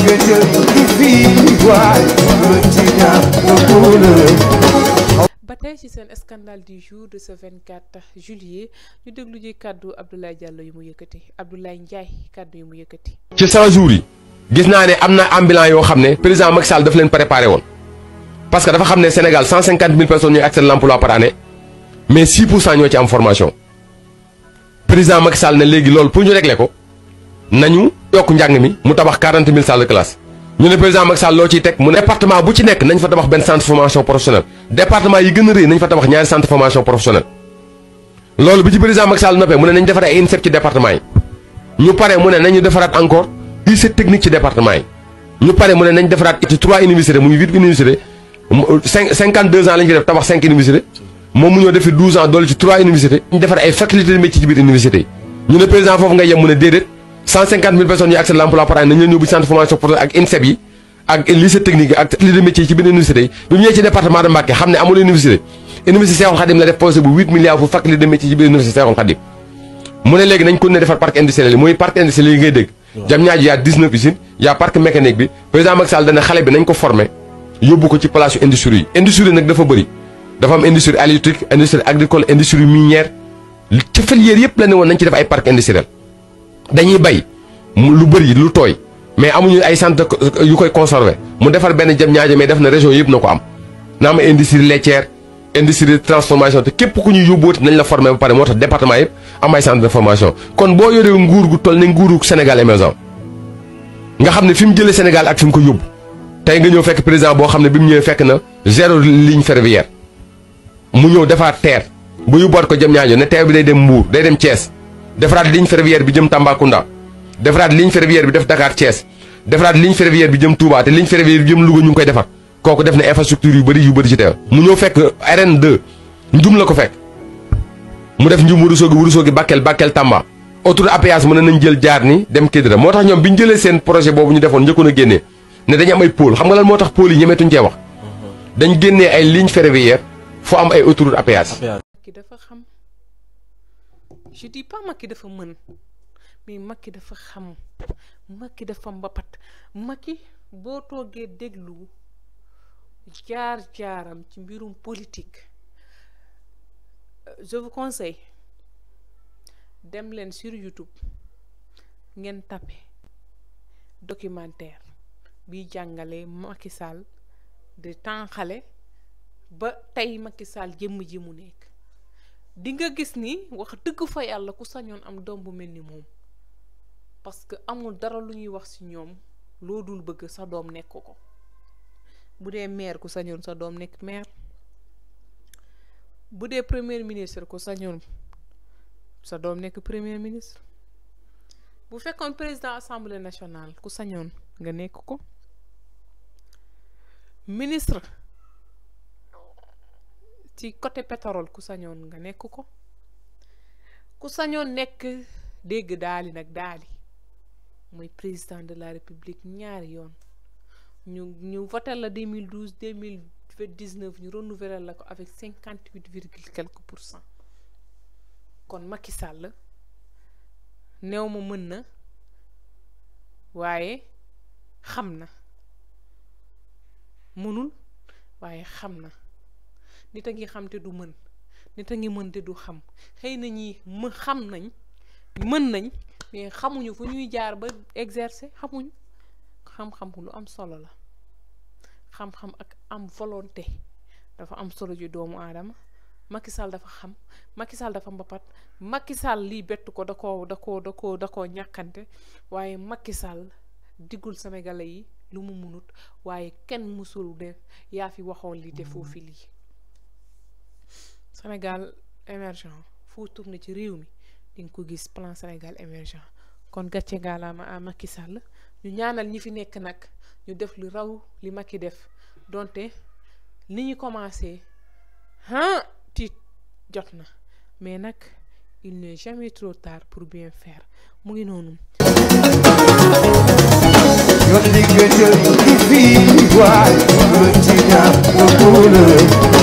nga jël ci ñaar nga ba tey ci seen scandale du jour de ce 24 juillet ñu déglu ji kàddu Abdoulaye Diallo yi mu yëkkati Abdoulaye Ndiaye kàddu yu mu yëkkati. ci 100 jours yi gis naa ne am na ambulants yoo xam ne président Macky Sall leen préparé woon parce que dafa xam ne Sénégal 150 000 personnes ñooy accès l'emploi par année mais 6 pour cent ñoo ci am formation président Macky Sall ne léegi loolu pour ñu régler ko. nañu yokk njàng mi mu tabax 40 000 salles de classe ñu ne président Macky Sall loo ciy teg mu ne département bu ci nekk nañ fa tabax benn centre formation professionnelle département yi gën a rëy nañ fa tabax ñaari centre formation professionnelle loolu bi ci président Macky Sall noppee mu ne nañ defaraat ay INSEP ci département yi ñu pare mu ne nañu defaraat encore lycée technique ci département yi ñu pare mu ne nañ defaraat ci mu ngi 8 universités fi def tabax nga yem mu ne 150 000 personnes yi accès à l'emploi par an nañu leen yóbbu centre formation professionnelle ak INSEP yi ak lycée technique yi ak lycée de métier yi ci benn université yi bi mu ñëwee ci département de xam ne amul université université Cheikhoul Khadim la def projet bu 8 milliards pour faculté de métier ci biir université Cheikhoul Khadim mu ne léegi nañ ko defar parc industriel yi mooy parc industriel yi ngay dégg Diamniadio yaa 19 usines yaa parc mécanique bi président Macky dañuy bay lu bëri lu tooy mais amuñu ay sant euh, yu koy conserver mu defar benn jëm ñaajo mais def na région yëpp na ko am na am industrie laitière industrie de transformation te képp ku ñu yóbbooti nañ la formé ba pare moo tax département yëpp am ay centre de formation kon boo yoree nguur gu toll ne nguuru Sénégal émergent nga xam ne fi mu jëlee Sénégal ak fi mu ko yóbbu tey nga ñëw fekk président boo xam ne bi mu ñëwee fekk na zéro ligne ferroviaire mu ñëw defaat bu yóbbuwaat ko jëm ñaajo ne terre bi day dem Mbour day dem Thiès defaraat ligne ferroviaire bi jëm Tambacounda defaraat ligne ferroviaire bi def Dakar Thiès defaraat ligne ferroviaire bi jëm Touba té ligne ferroviaire bi jëm Louga ñu ngi koy defar koku def na infrastructure yu bari yu bari ci teew mu ñëw fekk RN2 ndum la ko fekk mu def ndum sogi Ourossogui sogi Bakel Bakel Tamba autour apas mëna nañ jël jaar ni dem Kédira motax ñom biñu jëlé sen projet bobu ñu defoon ñëkuna génné né ne dañu am ay pôle xam nga lan motax pôle yi ñemeetuñ ci wax mhm. dañ génné ay ligne ferroviaire fu am ay autour apas ki dafa xam je dis pas Macky dafa mën mais Macky dafa xam Macky dafa mbapat Macky boo toogee déglu jaar-jaaram ci mbirum politique euh, je vous conseille dem leen sur YouTube ngeen tapé documentaire bi jàngale Macky Sall de temps ba tey Macky Sall jëmm ji mu nekk di nga gis ni wax dëgg fa yàlla ku sañoon am doom bu mel ni moom parce que amul dara lu ñuy wax ci ñoom loo dul bëgg sa doom nekk ko bu dee maire ku sañoon sa doom nekk maire bu dee premier ministre ku sañoon sa doom nekk premier ministre bu fekkoon président assemblée nationale ku sañoon nga nekk ko ministre ci côté pétrole ku sañoon nga nekk ko ku sañoon nekk dégg daali nag daali mooy président de la république ñaari yoon ñu ñu voté la 2012 2019 ñu renouvelé la ko avec 58 virgule quelque pour cent kon Macky Sall néew ma mën na waaye xam na mënul waaye xam na nit a ngi xam te du mën nit a ngi mën te du xam xëy na ñii mu xam nañ mën nañ mais xamuñu fu ñuy jaar ba exercer xamuñu xam-xam lu am solo la xam-xam ak am volonté dafa am solo ji doomu aadama Macky Sall dafa xam Macky Sall dafa mbapat Macky lii bett ko da koo da koo da koo da ñàkkante waaye Macky Sall diggul Sénégalais yi lu mu munut waaye kenn mësul de yaa fi waxoon lii defoo fi lii Sénégal émergent foo tourné ci réew mi di nga ko gis plan Sénégal émergent kon gàcce ngaalaama à Macky Sall ñu ñaanal ñi fi nekk nag ñu def lu raw li Macky def donte li ñu commencé ah tiit jot na mais nag il n'est jamais trop pour bien fer mu ngi noonu. yoon liggéey bi fii waay